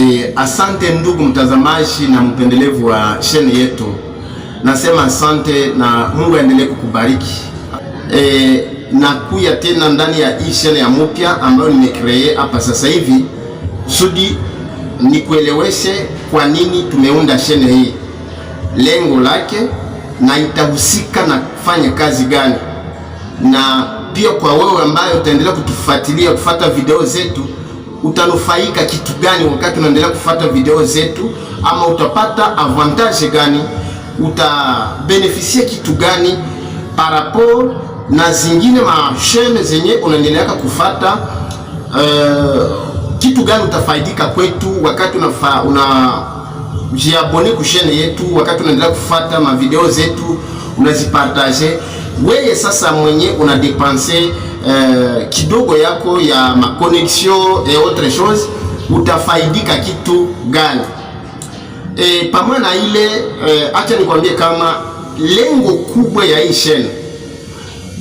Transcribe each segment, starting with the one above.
E, asante ndugu mtazamaji na mpendelevu wa sheni yetu, nasema asante na Mungu aendelee kukubariki. E, nakuya tena ndani ya hii sheni ya mupya ambayo nimekree hapa sasa hivi sudi nikueleweshe kwa nini tumeunda sheni hii, lengo lake na itahusika na kufanya kazi gani, na pia kwa wewe ambayo utaendelea kutufuatilia kufata video zetu utanufaika kitu gani wakati unaendelea kufuata video zetu, ama utapata avantage gani, utabenefisia kitu gani parapo na zingine mashene zenye unaendelea kufuata uh, eh, kitu gani utafaidika kwetu wakati unafa, una jiabone kushene yetu, wakati unaendelea kufuata mavideo zetu unazipartage. Weye sasa mwenye unadepanse Eh, kidogo yako ya ma e et autre chose, utafaidika kitu gani? E, pamoja na ile e, acha nikwambie kama lengo kubwa ya hii shene,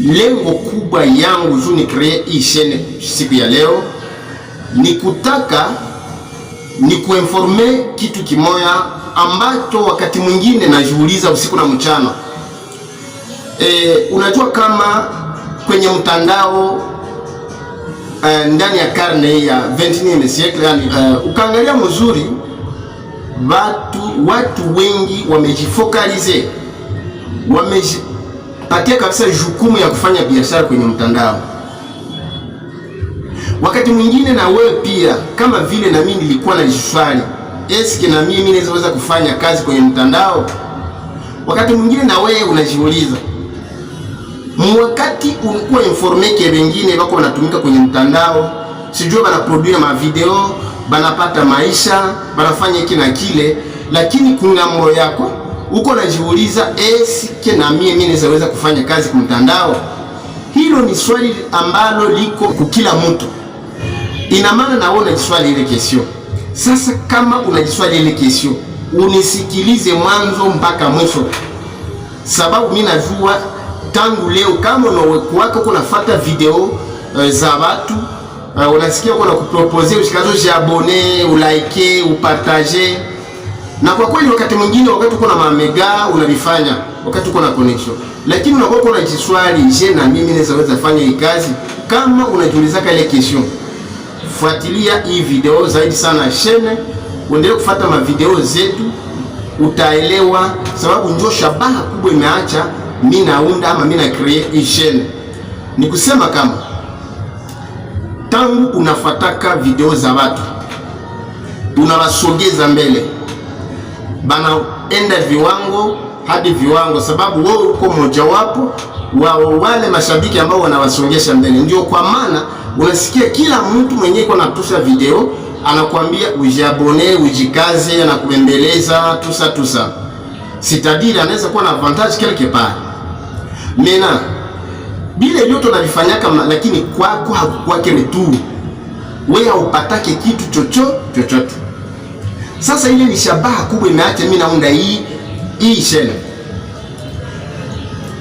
lengo kubwa yangu juu ni create hii shene siku ya leo ni kutaka ni kuinforme kitu kimoya ambacho wakati mwingine najiuliza usiku na mchana. E, unajua kama kwenye mtandao uh, ndani ya karne ya 21 siecle yani, uh, eh, ukaangalia mzuri watu, watu wengi wamejifokalize, wamejipatia kabisa jukumu ya kufanya biashara kwenye mtandao. Wakati mwingine na wewe pia, kama vile na mimi nilikuwa najiswali, eske na mimi naweza kufanya kazi kwenye mtandao? Wakati mwingine na wewe unajiuliza mwakati ulikuwa informe ke bengine bako banatumika kwenye mtandao, sijua banaproduire mavideo, banapata maisha, banafanya hiki na kile, lakini kungamuro yako uko najiuliza, esike eh, na mie mimi naweza kufanya kazi kumtandao? Hilo ni swali ambalo liko kukila mtu, ina maana nawe unajiswali ile kesio. Sasa kama unajiswali ile kesio, unisikilize mwanzo mpaka mwisho, sababu mimi najua tangu leo, kama unawekwako kunafata video uh, za watu uh, unasikia kuna kupropose ushikazo jabone ulike upartage. Na kwa kweli wakati mwingine wakati kuna mamega unalifanya wakati kuna connection, lakini unakuwa kuna jiswali, je, na mimi naweza weza fanya hii kazi? Kama unajiuliza kale question, fuatilia hii video zaidi sana shene, uendelee kufuata ma video zetu, utaelewa sababu ndio shabaha kubwa imeacha mi naunda ama mi na create ni kusema kama tangu unafataka video za watu unawasogeza mbele, banaenda viwango hadi viwango, sababu wewe uko mojawapo wa wale mashabiki ambao wanawasongesha mbele. Ndio kwa maana unasikia kila mtu mwenyewe iko natusha video anakuambia ujiabone, ujikaze, anakuembeleza tusa tusa, sitadiri anaweza kuwa na advantage kile part Mena bile vyote unavifanyaka, lakini kwako hakukwake tu, wewe haupatake kitu chocho chochote. Sasa ile ni shabaha kubwa imeacha mimi naunda hii hii shene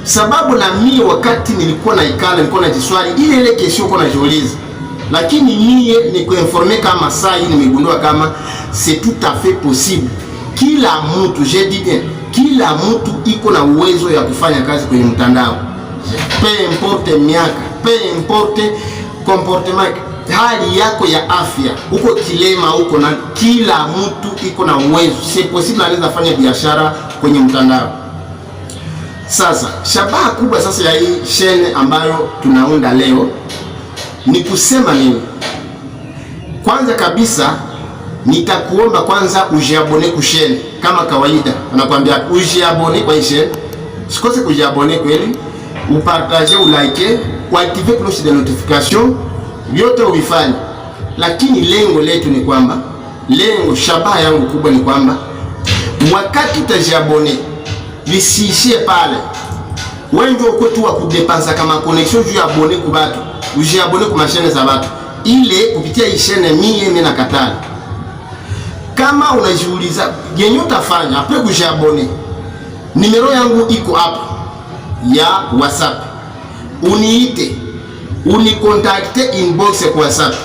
sababu na mimi wakati nilikuwa na ikala nilikuwa na najiswali ile ile kesho uko najiuliza lakini niye ni kuinforme kama saa hii nimegundua kama c'est tout a fait possible, kila mtu je dis bien kila mtu iko na uwezo ya kufanya kazi kwenye mtandao, pe importe miaka, pe importe comportement, hali yako ya afya, uko kilema huko na kila mtu iko na uwezo, si possible anaweza fanya biashara kwenye mtandao. Sasa shabaha kubwa sasa ya hii shene ambayo tunaunda leo ni kusema nini? Kwanza kabisa nitakuomba kwanza ujiabone kusheni kama kawaida, anakuambia ujiabone kwa isheni, sikose kujiabone kweli, upartage, ulike, uactive cloche de notification, vyote uvifanye. Lakini lengo letu ni kwamba, lengo shabaha yangu kubwa ni kwamba wakati utajiabone visiishie pale, wengi wako tu wa kudepansa kama connection juu ya abone ku ujiabone kwa mashine za watu ile kupitia ishene mie mimi katali kama unajiuliza yenye utafanya apre kujiabone, nimero yangu iko hapa ya WhatsApp, uniite unikontakte inbox ya WhatsApp,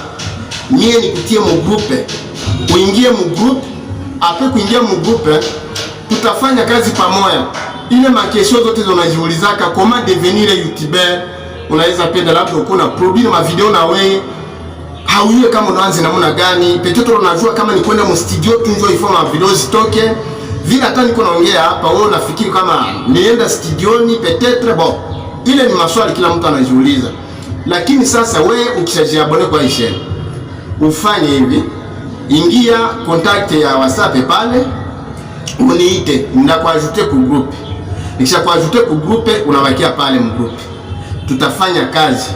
mie nikutie mugrupe, uingie mugrupe. Apre kuingia mugrupe, tutafanya kazi pamoja. Ile makesho zote unajiulizaka, koma devenir youtuber, unaweza penda labda uko na produire mavideo na wewe haujue kama unaanza namna gani, peteto unajua kama ni kwenda mstudio tu ndio ifoma video zitoke vile. Hata niko naongea hapa, wewe unafikiri kama nienda studioni petetre bon, ile ni maswali kila mtu anajiuliza. Lakini sasa we ukishajiabone kwa ishe ufanye hivi, ingia contact ya WhatsApp pale, uniite, ndakuajute ku group. nikisha kuajute ku group, unabakia pale mgroup, tutafanya kazi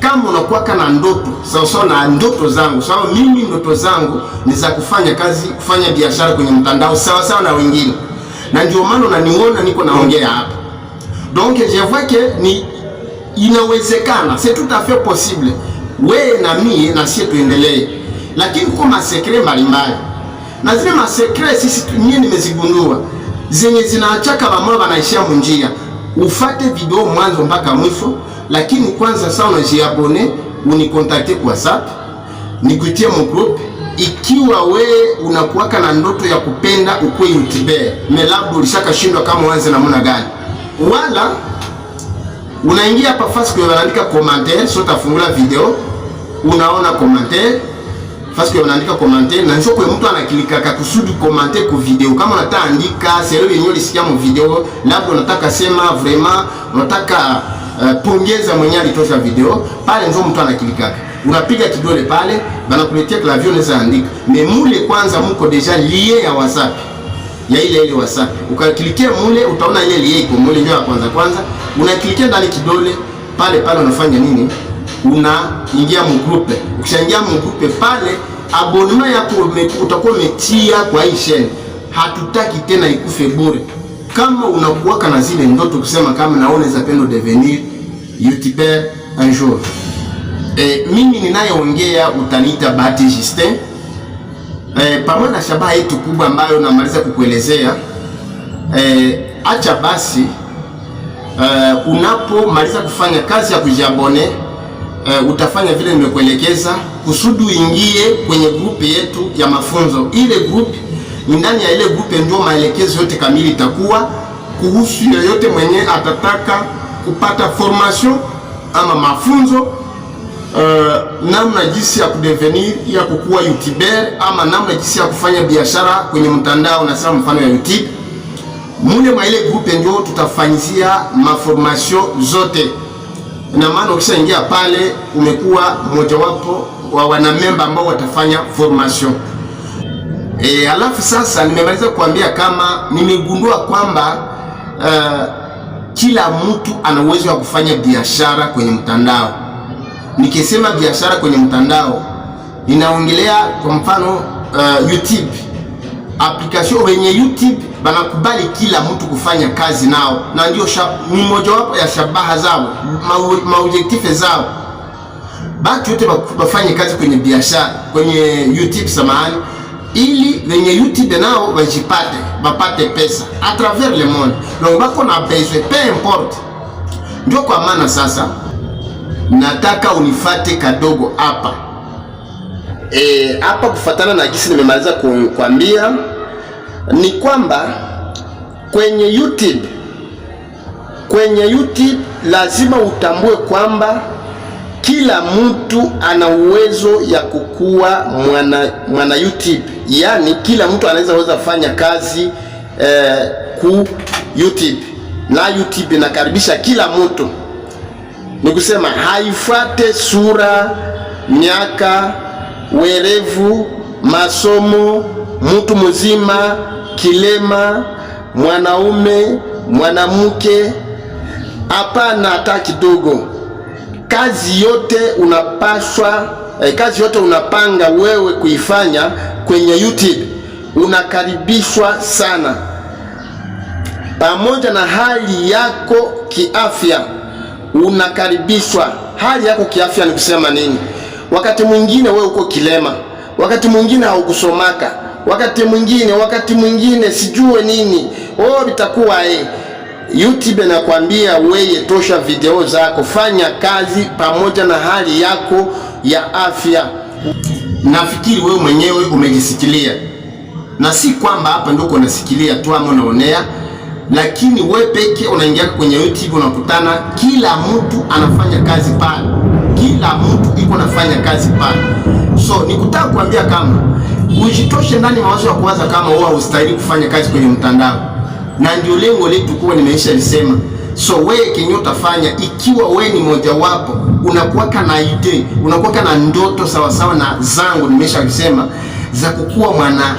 kama unakuwaka na ndoto sawa sawa na ndoto zangu, sababu mimi ndoto zangu ni za kufanya kazi, kufanya biashara kwenye mtandao sawa sawa na wengine, na ndio maana unaniona niko naongea hapa. Donc je vois que ni inawezekana, c'est tout à fait possible, wewe na mimi na sisi tuendelee, lakini kwa masekre mbalimbali na zile masekre sisi mimi nimezigundua zenye zinaachaka wamoya wanaishia munjia. Ufate video mwanzo mpaka mwisho lakini kwanza saa unajiabone unikontakte kwa WhatsApp nikutie mgroup ikiwa we unakuwaka na ndoto ya kupenda ukue youtuber me labda ulishakashindwa kama uanze namna gani, wala unaingia hapa fasi kwa wanaandika commentaire, sio tafungula video, unaona commentaire fasi kwa wanaandika commentaire, na njoo kwa mtu anakilika kakusudi commentaire kwa video. Kama unataka andika sero yenyewe lisikia mu video, labda unataka sema vraiment unataka Euh, pongeza mwenye alitosha video pale, ndio mtu anakilikaka, unapiga kidole pale, banakuletea clavier, unaweza andika memule. Kwanza mko deja lie ya WhatsApp ya ile ile WhatsApp, ukaklikia mule, utaona ile lie iko mule, ndio ya kwanza kwanza. Unaklikia ndani kidole pale pale, unafanya nini? Unaingia mu group. Ukishaingia mu group pale, abonnement yako utakuwa umetia kwa hii chaîne. Hatutaki tena ikufe bure kama unakuwaka na zile ndoto kusema kama naona za pendo devenir youtubeur un jour e, mimi ninayeongea utanita Bahati Justin e, pamoja na shabaha yetu kubwa ambayo namaliza kukuelezea e, acha basi e, unapomaliza kufanya kazi ya kujiabone Uh, e, utafanya vile nimekuelekeza kusudi uingie kwenye grupu yetu ya mafunzo. Ile grupu ni ndani ya ile grupe, ndio maelekezo yote kamili itakuwa kuhusu yoyote mwenye atataka kupata formation ama mafunzo uh, namna jinsi ya kudevenir ya kukuwa youtuber ama namna jinsi ya kufanya biashara kwenye mtandao na sasa mfano ya YouTube, mule mwa ile grupe ndio tutafanyizia maformation zote na maana ukishaingia pale umekuwa mmoja wapo wa wanamemba ambao watafanya formation. E, alafu sasa nimemaliza kuambia kama nimegundua kwamba uh, kila mtu ana uwezo wa kufanya biashara kwenye mtandao. Nikisema biashara kwenye mtandao ninaongelea kwa mfano uh, YouTube application wenye YouTube banakubali kila mtu kufanya kazi nao, na ndio ni mojawapo ya shabaha zao maobjektife zao, batu yote bafanye kazi kwenye biashara kwenye YouTube samahani ili venye YouTube nao wajipate bapate pesa a travers le monde. Donc bako na besoin peu importe, ndio kwa maana sasa nataka unifate kadogo hapa e, hapa e, kufatana na jinsi nimemaliza kukwambia ni kwamba kwenye YouTube, kwenye YouTube lazima utambue kwamba kila mtu ana uwezo ya kukuwa mwana, mwana YouTube, yaani kila mtu anaweza weza fanya kazi eh, ku YouTube na YouTube inakaribisha kila mtu, ni kusema haifuate sura, miaka, werevu, masomo, mtu mzima, kilema, mwanaume, mwanamke, hapana hata kidogo kazi yote unapaswa eh, kazi yote unapanga wewe kuifanya kwenye YouTube unakaribishwa sana, pamoja na hali yako kiafya unakaribishwa. Hali yako kiafya ni kusema nini? Wakati mwingine wewe uko kilema, wakati mwingine haukusomaka, wakati mwingine wakati mwingine sijue nini, oh, vitakuwa eh YouTube nakwambia weye, tosha video zako, fanya kazi pamoja na hali yako ya afya. Nafikiri wewe mwenyewe umejisikilia, na si kwamba hapa ndio unasikilia tu ama unaonea, lakini we peke unaingia kwenye YouTube unakutana, kila mtu anafanya kazi pale, kila mtu iko nafanya kazi pale. So nikutaka kuambia kama ujitoshe ndani mawazo ya kuwaza kama wewe haustahili kufanya kazi kwenye mtandao na ndio lengo letu kuwa nimeisha lisema. So wewe kenye utafanya, ikiwa wewe ni mojawapo unakuwaka na idee, unakuwaka na ndoto sawasawa na zangu nimesha kusema za kukuwa mwana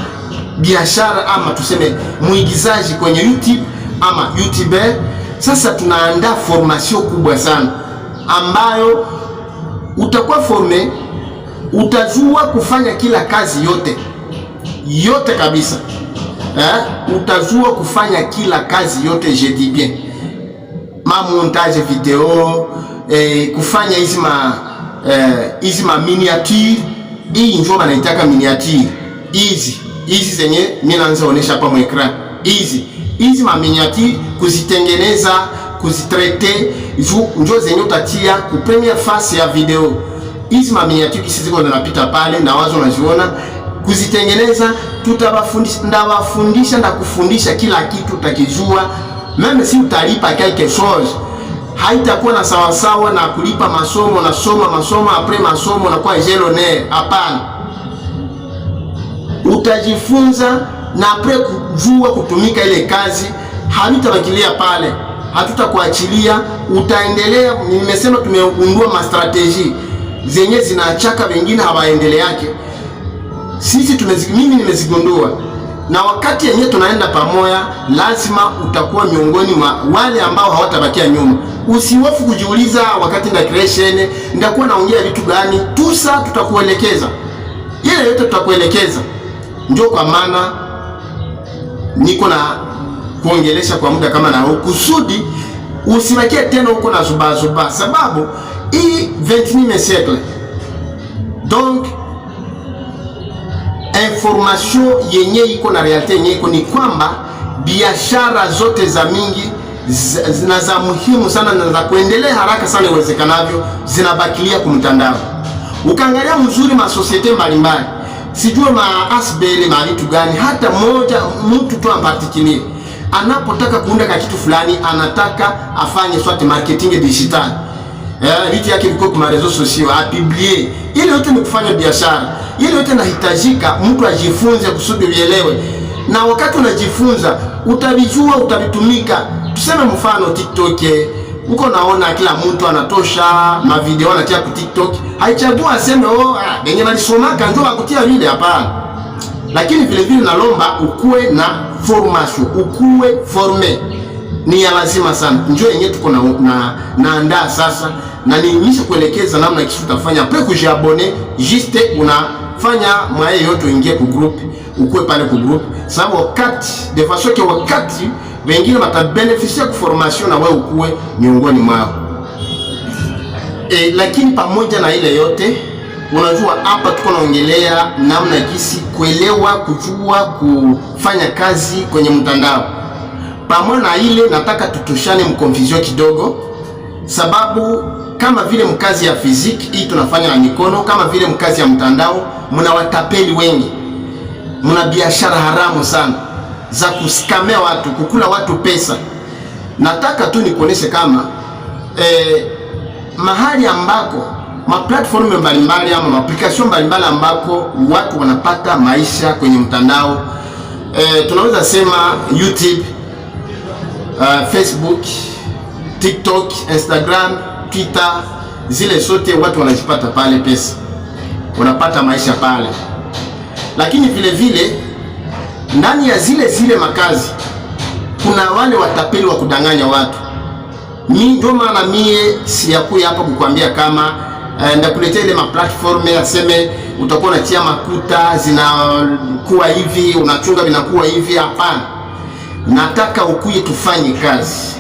biashara ama tuseme mwigizaji kwenye YouTube ama YouTuber. Sasa tunaandaa formation kubwa sana ambayo utakuwa forme, utajua kufanya kila kazi yote yote kabisa eh, utazua kufanya kila kazi yote, je dis bien ma montage video eh, kufanya hizi ma eh, hizi ma miniature. Hii ndio wanaitaka miniature hizi hizi zenye mimi naanza onesha hapa mu ekran hizi hizi ma miniature kuzitengeneza kuzitrete njo zenye utatia ku première face ya video hizi ma miniature, kisi ziko napita pale na wazo unaziona kuzitengeneza, tutawafundisha ndawafundisha na kufundisha kila kitu utakijua, meme si utalipa quelque chose haitakuwa na sawasawa na kulipa masomo na soma masomo apres masomo na kwa Hapana, utajifunza na apres kujua kutumika ile kazi, havitawakilia pale, hatutakuachilia utaendelea. Nimesema tumeundua mastrateji zenye zinachaka, wengine hawaendele yake sisi tumezi, mimi nimezigundua, na wakati yenyewe tunaenda pamoja, lazima utakuwa miongoni mwa wale ambao hawatabakia nyuma. Usihofu kujiuliza wakati nda creation ndakuwa naongea vitu gani. Tusa tutakuelekeza ile yote, tutakuelekeza. Ndio kwa maana niko na kuongelesha kwa muda kama na kusudi usibakie tena huko na zubazuba, sababu hii 21 mesetle donc information yenye iko na realite yenye iko ni kwamba biashara zote za mingi na za muhimu sana na za kuendelea haraka sana iwezekanavyo zinabakilia kumtandao. Ukaangalia mzuri masosiete mbalimbali, sijua maasbele mavitu gani, hata moja mtu tu ampartikilie anapotaka kuunda ka kitu fulani, anataka afanye swati marketing digital Eh, viti yake viko kwa marezo sosio apiblie. Ile yote ni kufanya biashara, ile yote nahitajika mtu ajifunze kusudi uelewe, na wakati unajifunza utavijua, utavitumika. Tuseme mfano TikTok eh. uko naona kila mtu anatosha ma video anatia ku TikTok, haichagua aseme oh, yenye ah, nalisomaka ndio akutia vile, hapana. Lakini vile vile nalomba ukue na formation, ukue forme ni ya lazima sana. Njoo yenyewe tuko na naandaa na sasa, na nionyeshe kuelekeza namna kitu utafanya apres kujiabone juste unafanya mwaye yote uingie ku group ukuwe pale ku group, sababu wakati de façon que wakati wengine watabeneficia ku formation na wewe ukuwe miongoni mwao e, lakini pamoja na ile yote Unajua, hapa tuko naongelea namna jinsi kuelewa, kujua, kufanya kazi kwenye mtandao. Pamoja na ile nataka tutushane mkonfizio kidogo, sababu kama vile mkazi ya fiziki hii tunafanya na mikono, kama vile mkazi ya mtandao, mna watapeli wengi, mna biashara haramu sana za kusikamea watu, kukula watu pesa. Nataka tu nikuoneshe kama eh, mahali ambako platform mbalimbali ama application mbalimbali ambako watu wanapata maisha kwenye mtandao eh, tunaweza sema YouTube Euh, Facebook, TikTok, Instagram, Twitter, zile zote watu wanazipata pale, pesa wanapata maisha pale, lakini vile vile ndani ya zile zile makazi kuna wale watapeli wa kudanganya watu. Mi ndio maana mie siyakuya hapa kukwambia kama eh, ndakuletea ile maplatform aseme utakuwa unatia makuta zinakuwa hivi, unachunga vinakuwa hivi. Hapana nataka ukuye tufanye kazi.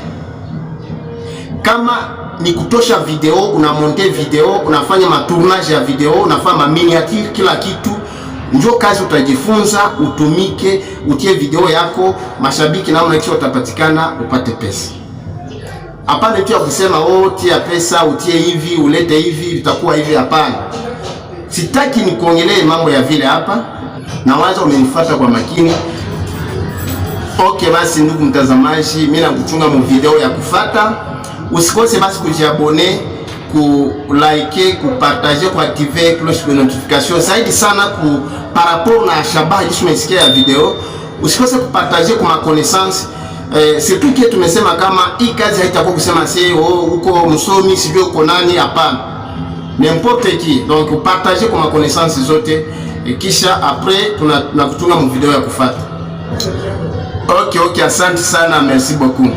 Kama ni kutosha video, unamonte video, unafanya matournage ya video, unafanya miniature, kila kitu njo kazi utajifunza, utumike, utie video yako, mashabiki namna hicho utapatikana, upate pesa. Hapana tu ya kusema oh, tia pesa, utie hivi, ulete hivi, itakuwa hivi. Hapana, sitaki nikuongelee mambo ya vile hapa, na waza umenifuata kwa makini. vidéo, basi ndugu mtazamaji, mimi nakuchunga mu vous ya kufata. Usikose basi kujiabone, ku like, ku partager, ku activer cloche de notification. Zaidi sana ku par rapport na shabaha vous ya video. Usikose ku partager kwa connaissance, Eh, surtout que tumesema kama hii kazi haitakuwa kusema si oh, msomi nani, N'importe qui. Donc partager kwa makonaissance zote, kisha après tunakuchunga mu video ya kufata. Okay, okay, asante sana, merci beaucoup.